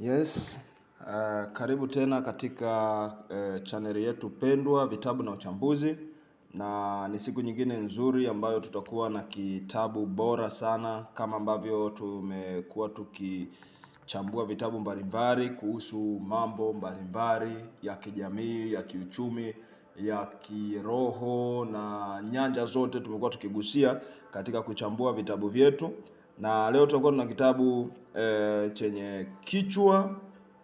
Yes, uh, karibu tena katika uh, eh, chaneli yetu pendwa vitabu na uchambuzi, na ni siku nyingine nzuri ambayo tutakuwa na kitabu bora sana, kama ambavyo tumekuwa tukichambua vitabu mbalimbali kuhusu mambo mbalimbali ya kijamii, ya kiuchumi, ya kiroho na nyanja zote tumekuwa tukigusia katika kuchambua vitabu vyetu na leo tutakuwa tuna kitabu e, chenye kichwa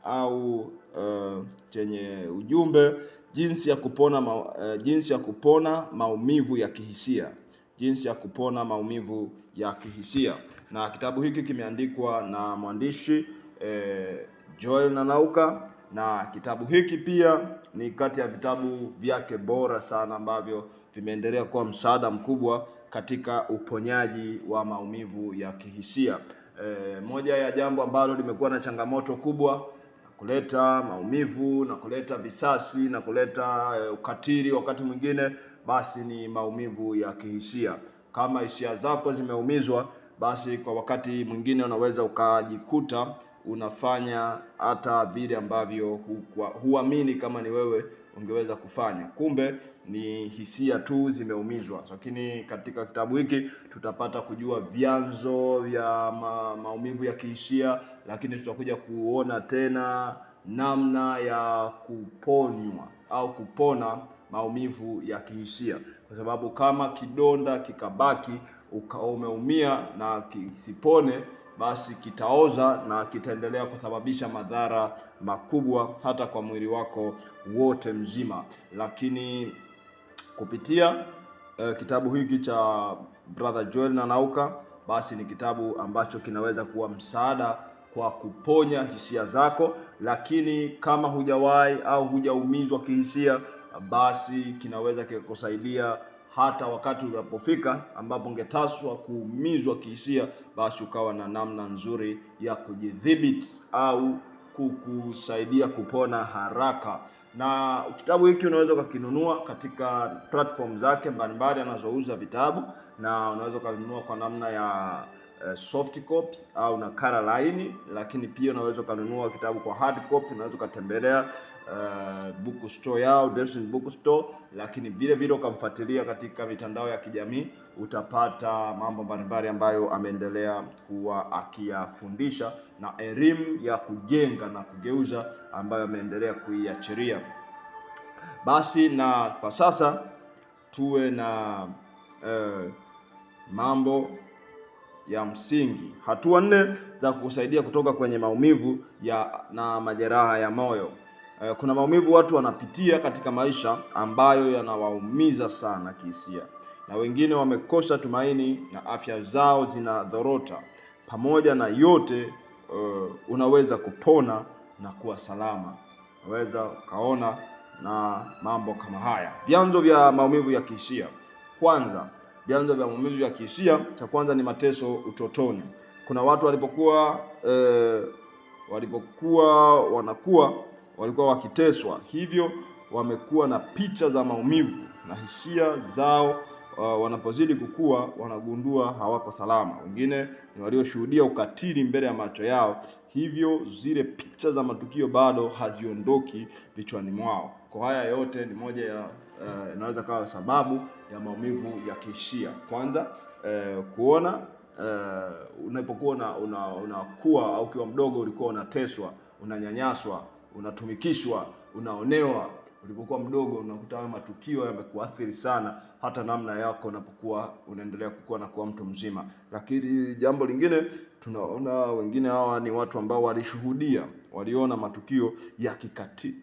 au e, chenye ujumbe jinsi ya kupona ma, e, jinsi ya kupona maumivu ya kihisia, jinsi ya kupona maumivu ya kihisia. Na kitabu hiki kimeandikwa na mwandishi e, Joel Nanauka na kitabu hiki pia ni kati ya vitabu vyake bora sana ambavyo vimeendelea kuwa msaada mkubwa katika uponyaji wa maumivu ya kihisia. E, moja ya jambo ambalo limekuwa na changamoto kubwa kuleta maumivu na kuleta visasi na kuleta e, ukatili wakati mwingine, basi ni maumivu ya kihisia. Kama hisia zako zimeumizwa, basi kwa wakati mwingine unaweza ukajikuta unafanya hata vile ambavyo huamini kama ni wewe ungeweza kufanya. Kumbe ni hisia tu zimeumizwa, lakini katika kitabu hiki tutapata kujua vyanzo vya ma, maumivu ya kihisia, lakini tutakuja kuona tena namna ya kuponywa au kupona maumivu ya kihisia, kwa sababu kama kidonda kikabaki ukaumeumia umeumia na kisipone basi kitaoza na kitaendelea kusababisha madhara makubwa hata kwa mwili wako wote mzima. Lakini kupitia eh, kitabu hiki cha Brother Joel Nanauka, basi ni kitabu ambacho kinaweza kuwa msaada kwa kuponya hisia zako, lakini kama hujawahi au hujaumizwa kihisia, basi kinaweza kikakusaidia hata wakati unapofika ambapo ungetaswa kuumizwa kihisia, basi ukawa na namna nzuri ya kujidhibiti au kukusaidia kupona haraka. Na kitabu hiki unaweza ukakinunua katika platform zake mbalimbali anazouza vitabu, na unaweza ukanunua kwa namna ya Eh, soft copy au nakala laini, lakini pia unaweza ukanunua kitabu kwa hard copy. Unaweza ukatembelea uh, eh, store yao Destiny Store, lakini vile vile ukamfuatilia katika mitandao ya kijamii, utapata mambo mbalimbali ambayo ameendelea kuwa akiyafundisha na elimu ya kujenga na kugeuza ambayo ameendelea kuiachiria. Basi na kwa sasa tuwe na uh, mambo ya msingi. Hatua nne za kukusaidia kutoka kwenye maumivu ya na majeraha ya moyo. E, kuna maumivu watu wanapitia katika maisha ambayo yanawaumiza sana kihisia, na wengine wamekosa tumaini na afya zao zinadhorota. Pamoja na yote, uh, unaweza kupona na kuwa salama. Unaweza ukaona na mambo kama haya. Vyanzo vya maumivu ya kihisia, kwanza Vyanzo vya maumivu vya kihisia, cha kwanza ni mateso utotoni. Kuna watu walipokuwa e, walipokuwa wanakuwa walikuwa wakiteswa, hivyo wamekuwa na picha za maumivu na hisia zao Uh, wanapozidi kukua wanagundua hawako salama. Wengine ni walioshuhudia ukatili mbele ya macho yao, hivyo zile picha za matukio bado haziondoki vichwani mwao. Kwa haya yote ni moja ya uh, inaweza kawa sababu ya maumivu ya kihisia. Kwanza eh, kuona eh, unapokuwa unakuwa una, au ukiwa mdogo ulikuwa unateswa, unanyanyaswa, unatumikishwa, unaonewa ulipokuwa mdogo, unakuta hayo matukio yamekuathiri sana, hata namna yako unapokuwa unaendelea kukua na kuwa mtu mzima. Lakini jambo lingine, tunaona wengine hawa ni watu ambao walishuhudia, waliona matukio ya kikati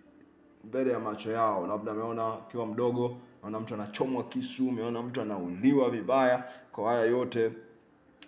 mbele ya macho yao, labda ameona akiwa mdogo unaona mtu anachomwa kisu, umeona mtu anauliwa vibaya. Kwa haya yote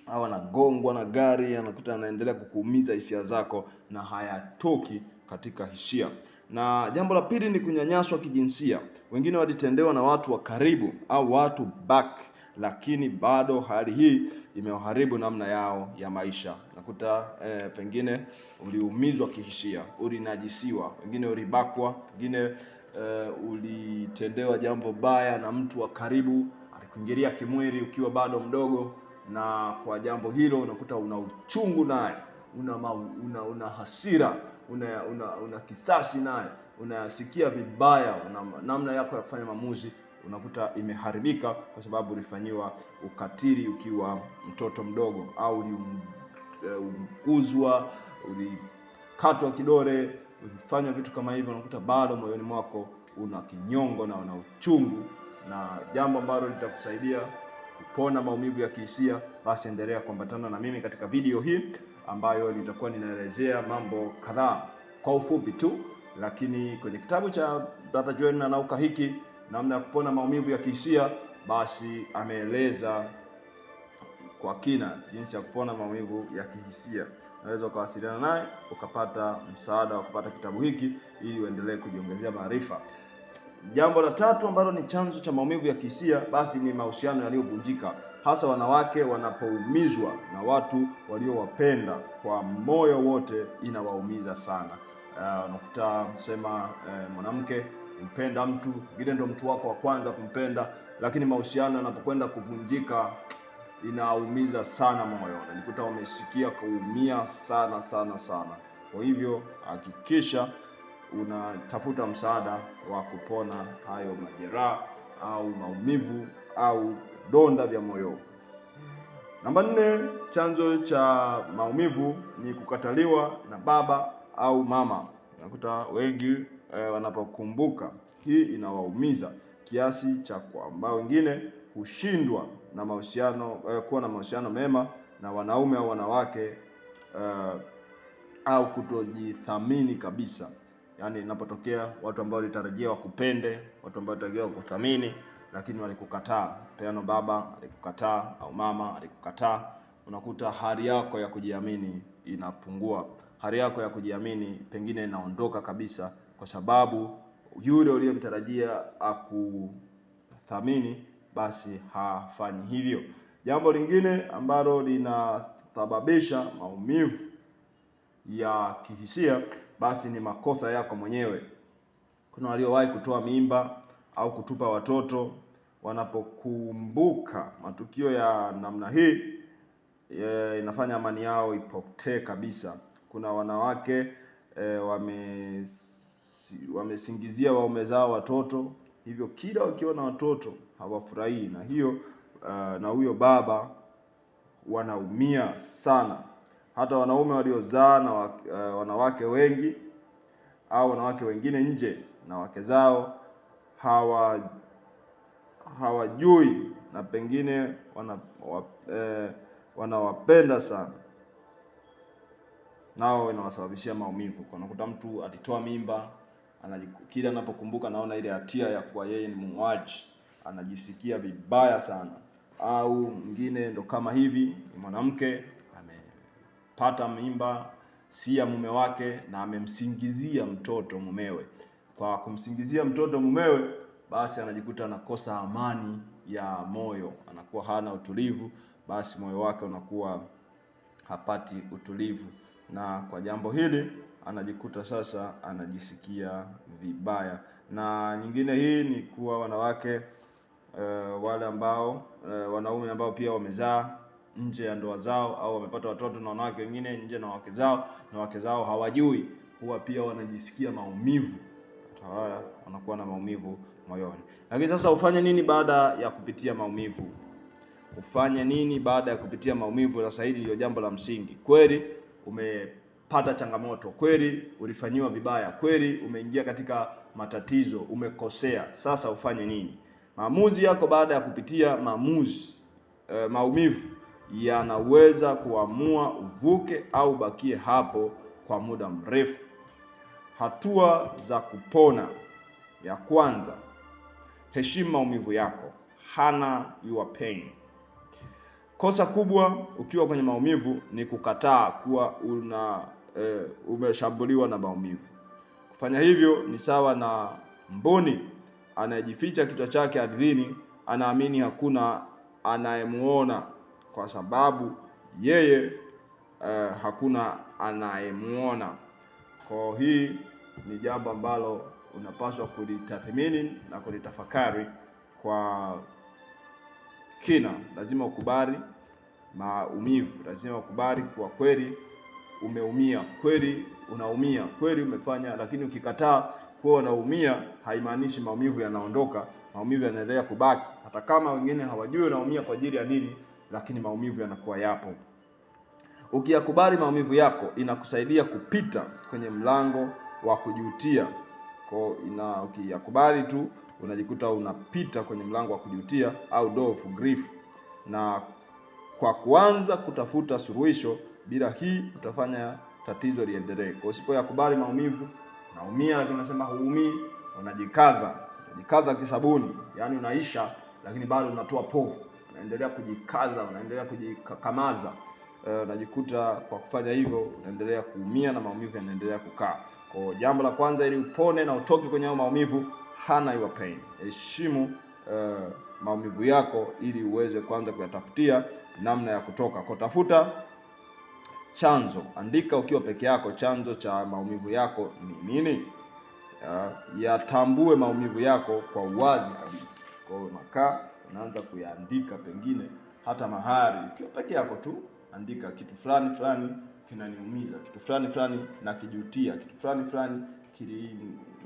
au anagongwa na gari, anakuta anaendelea kukuumiza hisia zako na hayatoki katika hisia. Na jambo la pili ni kunyanyaswa kijinsia. Wengine walitendewa na watu wa karibu au watu back lakini bado hali hii imewaharibu namna yao ya maisha. Nakuta eh, pengine uliumizwa kihisia, ulinajisiwa, wengine ulibakwa, wengine uh, ulitendewa jambo baya na mtu wa karibu, alikuingilia kimwili ukiwa bado mdogo, na kwa jambo hilo unakuta una uchungu naye, una, una, una hasira una, una, una kisasi naye, unasikia vibaya, una namna yako ya kufanya maamuzi unakuta imeharibika kwa sababu ulifanyiwa ukatili ukiwa mtoto mdogo, au uliunguzwa, eh, ulikatwa kidole ukifanya vitu kama hivyo, unakuta bado moyoni mwako una kinyongo na una uchungu, na jambo ambalo litakusaidia kupona maumivu ya kihisia, basi endelea kuambatana na mimi katika video hii ambayo nitakuwa ninaelezea mambo kadhaa kwa ufupi tu, lakini kwenye kitabu cha Brother Joel na nauka hiki namna ya kupona maumivu ya kihisia, basi ameeleza kwa kina jinsi ya kupona maumivu ya kihisia unaweza ukawasiliana naye ukapata msaada wa kupata kitabu hiki ili uendelee kujiongezea maarifa. Jambo la tatu ambalo ni chanzo cha maumivu ya kihisia basi ni mahusiano yaliyovunjika, hasa wanawake wanapoumizwa na watu waliowapenda kwa moyo wote, inawaumiza sana. Uh, unakuta sema uh, eh, mwanamke mpenda mtu ngine, ndo mtu wako wa kwanza kumpenda, lakini mahusiano yanapokwenda kuvunjika inaumiza sana moyo, nikuta umesikia kuumia sana sana sana. Kwa hivyo hakikisha unatafuta msaada wa kupona hayo majeraha au maumivu au donda vya moyo. Namba nne, chanzo cha maumivu ni kukataliwa na baba au mama. nakuta wengi e, wanapokumbuka hii inawaumiza kiasi cha kwamba wengine hushindwa na mahusiano eh, kuwa na mahusiano mema na wanaume au wanawake eh, au kutojithamini kabisa. Yaani inapotokea watu ambao walitarajia wakupende, watu ambao walitarajia wakuthamini, lakini walikukataa. Peano baba alikukataa au mama alikukataa, unakuta hali yako ya kujiamini inapungua, hali yako ya kujiamini pengine inaondoka kabisa, kwa sababu yule uliyemtarajia akuthamini basi hafanyi hivyo. Jambo lingine ambalo linasababisha maumivu ya kihisia basi ni makosa yako mwenyewe. Kuna waliowahi kutoa mimba au kutupa watoto, wanapokumbuka matukio ya namna hii e, inafanya amani yao ipotee kabisa. Kuna wanawake e, wamesingizia waume zao watoto Hivyo kila wakiona watoto hawafurahii na hiyo uh, na huyo baba wanaumia sana. Hata wanaume waliozaa na uh, wanawake wengi au wanawake wengine nje na wake zao hawa hawajui na pengine wana, wa, eh, wanawapenda sana nao inawasababishia maumivu. nakuta mtu alitoa mimba kila anapokumbuka naona ile hatia ya kuwa yeye ni muuaji, anajisikia vibaya sana. Au mwingine ndo kama hivi, ni mwanamke amepata mimba si ya mume wake, na amemsingizia mtoto mumewe. Kwa kumsingizia mtoto mumewe, basi anajikuta anakosa amani ya moyo, anakuwa hana utulivu, basi moyo wake unakuwa hapati utulivu, na kwa jambo hili anajikuta sasa anajisikia vibaya. Na nyingine hii ni kuwa wanawake e, wale ambao e, wanaume ambao pia wamezaa nje ya ndoa zao au wamepata watoto na wanawake wengine nje na wake zao na wake zao hawajui, huwa pia wanajisikia maumivu tawala, wanakuwa na maumivu moyoni. Lakini sasa ufanye nini baada ya kupitia maumivu? Ufanye nini baada ya kupitia maumivu? Sasa hili ndio jambo la msingi kweli ume pata changamoto, kweli ulifanyiwa vibaya, kweli umeingia katika matatizo, umekosea. Sasa ufanye nini? Maamuzi yako baada ya kupitia maamuzi e, maumivu yanaweza kuamua uvuke au bakie hapo kwa muda mrefu. Hatua za kupona: ya kwanza, heshimu maumivu yako, hana your pain. Kosa kubwa ukiwa kwenye maumivu ni kukataa kuwa una eh, umeshambuliwa na maumivu. Kufanya hivyo ni sawa na mbuni anayejificha kichwa chake ardhini, anaamini hakuna anayemuona kwa sababu yeye eh, hakuna anayemuona. Kwa hii ni jambo ambalo unapaswa kulitathmini na kulitafakari kwa kina. Lazima ukubali maumivu, lazima ukubali kwa kweli umeumia kweli, unaumia kweli, umefanya lakini ukikataa kuwa unaumia, haimaanishi maumivu yanaondoka. Maumivu yanaendelea kubaki, hata kama wengine hawajui unaumia kwa ajili ya nini, lakini maumivu yanakuwa yapo. Ukiyakubali maumivu yako, inakusaidia kupita kwenye mlango wa kujutia. Kwa ina ukiyakubali tu unajikuta unapita kwenye mlango wa kujutia au door of grief, na kwa kuanza kutafuta suluhisho bila hii utafanya tatizo liendelee. Kwa usipoyakubali maumivu, naumia lakini unasema huumii, unajikaza, unajikaza kisabuni, yani unaisha lakini bado unatoa povu, unaendelea kujikaza, unaendelea kujikakamaza. Uh, unajikuta kwa kufanya hivyo unaendelea kuumia na maumivu yanaendelea kukaa. Kwa jambo la kwanza, ili upone na utoke kwenye hayo maumivu, hana your pain, heshimu uh, maumivu yako ili uweze kwanza kuyatafutia namna ya kutoka. Kwa tafuta Chanzo, andika ukiwa peke yako, chanzo cha maumivu yako ni nini? Yatambue maumivu yako kwa uwazi kabisa. Kwa hiyo unakaa unaanza kuyaandika, pengine hata mahali ukiwa peke yako tu, andika kitu fulani fulani kinaniumiza, kitu fulani fulani nakijutia, kitu fulani fulani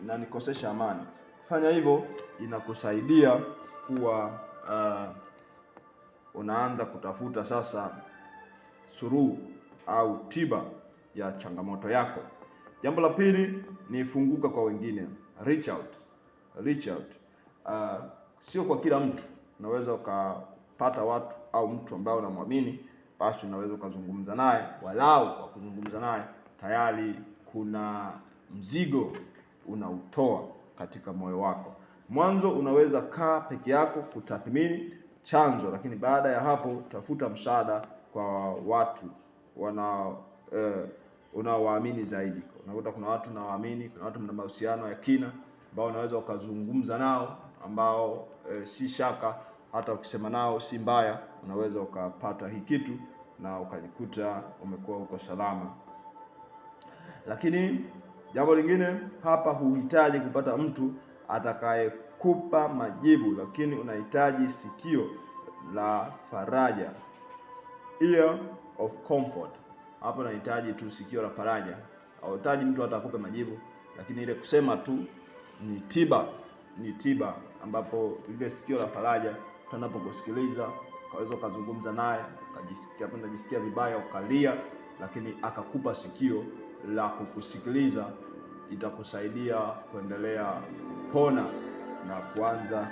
kinanikosesha amani. Kufanya hivyo inakusaidia kuwa uh, unaanza kutafuta sasa suruhu au tiba ya changamoto yako. Jambo la pili ni funguka kwa wengine, reach out, reach out. Uh, sio kwa kila mtu unaweza ukapata watu au mtu ambaye unamwamini, basi unaweza ukazungumza naye, walau kwa kuzungumza naye tayari kuna mzigo unautoa katika moyo wako. Mwanzo unaweza kaa peke yako kutathmini chanzo, lakini baada ya hapo tafuta msaada kwa watu wana eh, unaowaamini zaidi. Unakuta kuna watu nawaamini, kuna watu mna mahusiano ya kina ambao unaweza ukazungumza nao ambao eh, si shaka hata ukisema nao si mbaya, unaweza ukapata hii kitu na ukajikuta umekuwa uko salama. Lakini jambo lingine hapa, huhitaji kupata mtu atakayekupa majibu, lakini unahitaji sikio la faraja. Hiyo of comfort. Hapo nahitaji tu sikio la faraja, hauhitaji mtu hata akupe majibu, lakini ile kusema tu ni tiba, ni tiba ambapo ile sikio la faraja tunapokusikiliza ukaweza ukazungumza naye ukajisikia unajisikia vibaya ukalia, lakini akakupa sikio la kukusikiliza, itakusaidia kuendelea kupona na kuanza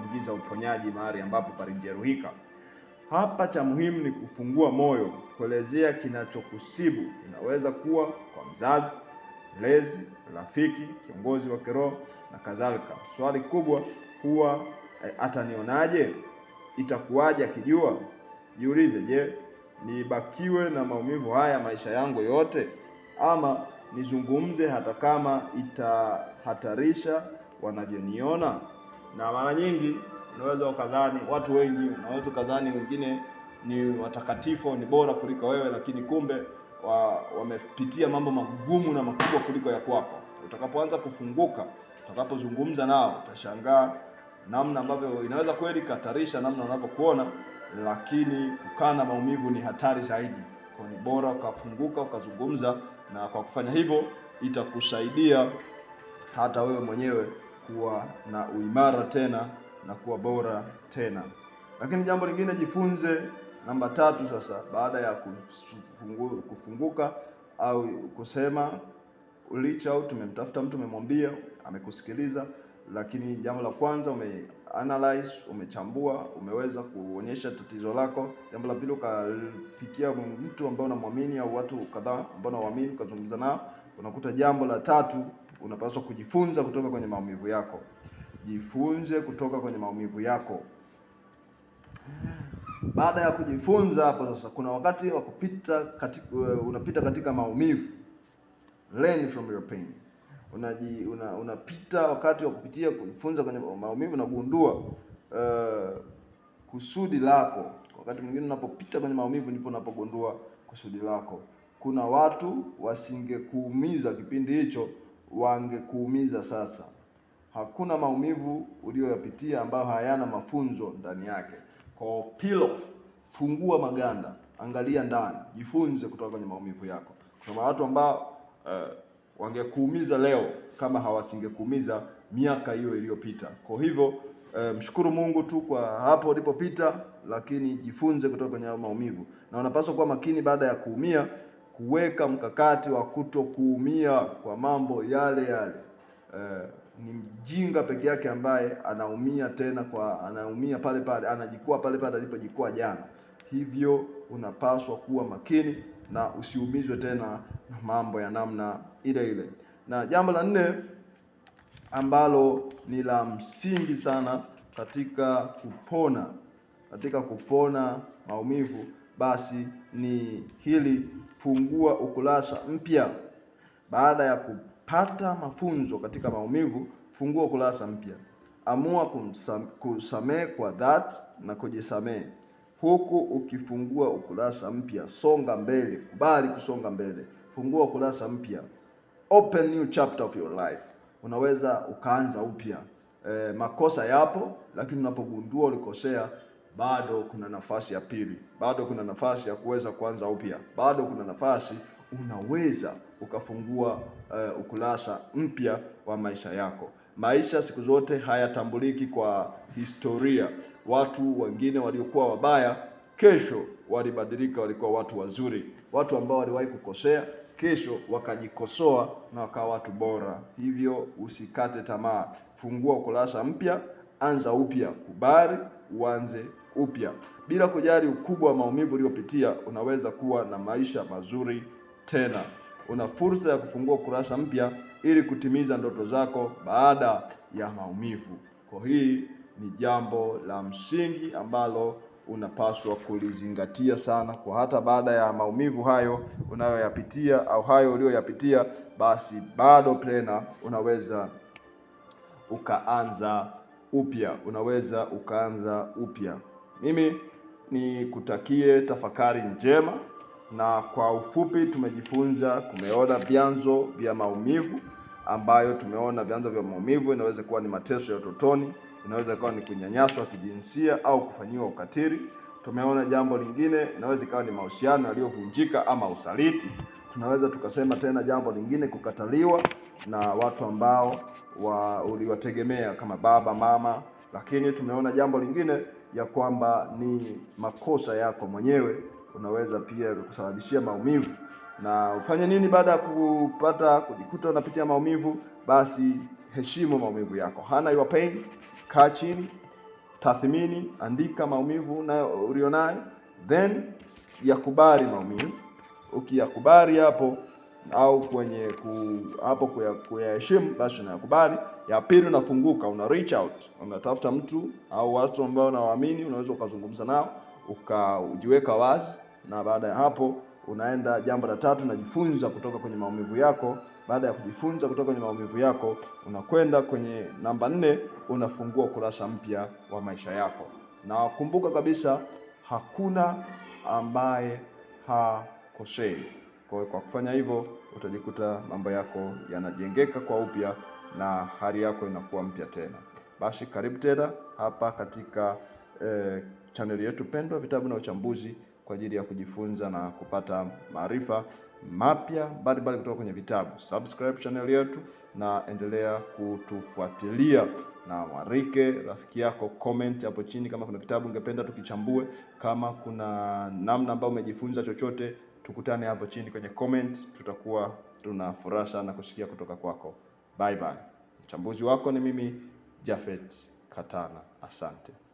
kuingiza uponyaji mahali ambapo palijeruhika. Hapa cha muhimu ni kufungua moyo, kuelezea kinachokusibu. Inaweza kuwa kwa mzazi, mlezi, rafiki, kiongozi wa kiroho na kadhalika. Swali kubwa huwa e, atanionaje? Itakuwaje akijua? Jiulize, je, nibakiwe na maumivu haya maisha yangu yote ama nizungumze hata kama itahatarisha wanavyoniona? Na mara nyingi unaweza ukadhani watu wengi, unaweza ukadhani wengine ni watakatifu, ni bora kuliko wewe, lakini kumbe wa, wamepitia mambo magumu na makubwa kuliko ya kwako. Utakapoanza kufunguka, utakapozungumza nao, utashangaa namna ambavyo inaweza kweli katarisha namna unavyokuona, lakini kukaa na maumivu ni hatari zaidi. Kwa ni bora ukafunguka ukazungumza, na kwa kufanya hivyo itakusaidia hata wewe mwenyewe kuwa na uimara tena na kuwa bora tena. Lakini jambo lingine, jifunze namba tatu. Sasa baada ya kufungu, kufunguka au kusema reach out, tumemtafuta mtu, umemwambia, amekusikiliza, lakini jambo la kwanza ume analyze, umechambua, umeweza kuonyesha tatizo lako. Jambo la pili, ukafikia mtu ambaye unamwamini au watu kadhaa ambao unawaamini, ukazungumza nao. Unakuta jambo la tatu, unapaswa kujifunza kutoka kwenye maumivu yako jifunze kutoka kwenye maumivu yako. Baada ya kujifunza hapo sasa, kuna wakati wa kupita katika, eh, unapita katika maumivu, learn from your pain. Unaji, una, unapita wakati wa kupitia kujifunza kwenye maumivu, unagundua uh, eh, kusudi lako. Wakati mwingine unapopita kwenye maumivu ndipo unapogundua kusudi lako. Kuna watu wasingekuumiza kipindi hicho, wangekuumiza sasa hakuna maumivu uliyoyapitia ambayo hayana mafunzo ndani yake. Kwa peel off, fungua maganda, angalia ndani, jifunze kutoka kwenye maumivu yako. Kuna watu ambao uh, wangekuumiza leo kama hawasingekuumiza miaka hiyo iliyopita. Kwa hivyo eh, mshukuru Mungu tu kwa hapo ulipopita, lakini jifunze kutoka kwenye maumivu, na unapaswa kuwa makini baada ya kuumia, kuweka mkakati wa kutokuumia kwa mambo yale yale eh, ni mjinga peke yake ambaye anaumia tena kwa anaumia pale pale, anajikua pale pale alipojikua jana. Hivyo unapaswa kuwa makini na usiumizwe tena na mambo ya namna ile ile. Na jambo la nne ambalo ni la msingi sana katika kupona katika kupona maumivu, basi ni hili: fungua ukurasa mpya baada ya kupona Pata mafunzo katika maumivu, fungua ukurasa mpya. Amua kusamehe kwa dhati na kujisamehe huku ukifungua ukurasa mpya. Songa mbele, kubali kusonga mbele, fungua ukurasa mpya, open new chapter of your life. Unaweza ukaanza upya. E, makosa yapo, lakini unapogundua ulikosea, bado kuna nafasi ya pili, bado kuna nafasi ya kuweza kuanza upya, bado kuna nafasi unaweza ukafungua uh, ukurasa mpya wa maisha yako. Maisha siku zote hayatambuliki kwa historia. Watu wengine waliokuwa wabaya kesho walibadilika, walikuwa watu wazuri. Watu ambao waliwahi kukosea kesho wakajikosoa na wakawa watu bora. Hivyo usikate tamaa, fungua ukurasa mpya, anza upya, kubali uanze upya. Bila kujali ukubwa wa maumivu uliopitia unaweza kuwa na maisha mazuri tena. Una fursa ya kufungua ukurasa mpya ili kutimiza ndoto zako baada ya maumivu. Kwa hii ni jambo la msingi ambalo unapaswa kulizingatia sana, kwa hata baada ya maumivu hayo unayoyapitia au hayo uliyoyapitia, basi bado tena unaweza ukaanza upya, unaweza ukaanza upya. Mimi ni kutakie tafakari njema na kwa ufupi tumejifunza, kumeona vyanzo vya maumivu ambayo tumeona vyanzo vya maumivu inaweza kuwa ni mateso ya utotoni, inaweza kuwa ni kunyanyaswa kijinsia au kufanyiwa ukatili. Tumeona jambo lingine, inaweza ikawa ni mahusiano yaliyovunjika ama usaliti. Tunaweza tukasema tena jambo lingine, kukataliwa na watu ambao wa uliwategemea kama baba, mama. Lakini tumeona jambo lingine ya kwamba ni makosa yako mwenyewe unaweza pia kusababishia maumivu. Na ufanye nini baada ya kupata kujikuta unapitia maumivu? Basi heshimu maumivu yako. Hana your pain, kaa chini, tathmini, andika maumivu nayo ulionayo, then yakubali maumivu. Ukiyakubali hapo au kwenye ku, hapo kuyaheshimu, basi unayakubali. Ya pili, unafunguka, una reach out, unatafuta mtu au watu ambao unawaamini, unaweza ukazungumza nao ukajiweka wazi, na baada ya hapo unaenda jambo la tatu, najifunza kutoka kwenye maumivu yako. Baada ya kujifunza kutoka kwenye maumivu yako, unakwenda kwenye namba nne, unafungua ukurasa mpya wa maisha yako, na kumbuka kabisa hakuna ambaye hakosei. Kwa, kwa kufanya hivyo utajikuta mambo yako yanajengeka kwa upya na hali yako inakuwa mpya tena. Basi karibu tena hapa katika eh, chaneli yetu pendwa vitabu na uchambuzi kwa ajili ya kujifunza na kupata maarifa mapya mbalimbali kutoka kwenye vitabu. Subscribe channel yetu na endelea kutufuatilia, na mwarike rafiki yako, comment hapo chini kama kuna kitabu ungependa tukichambue, kama kuna namna ambayo umejifunza chochote, tukutane hapo chini kwenye comment. Tutakuwa tuna furaha sana kusikia kutoka kwako. Bye bye. Mchambuzi wako ni mimi Jafet Katana, asante.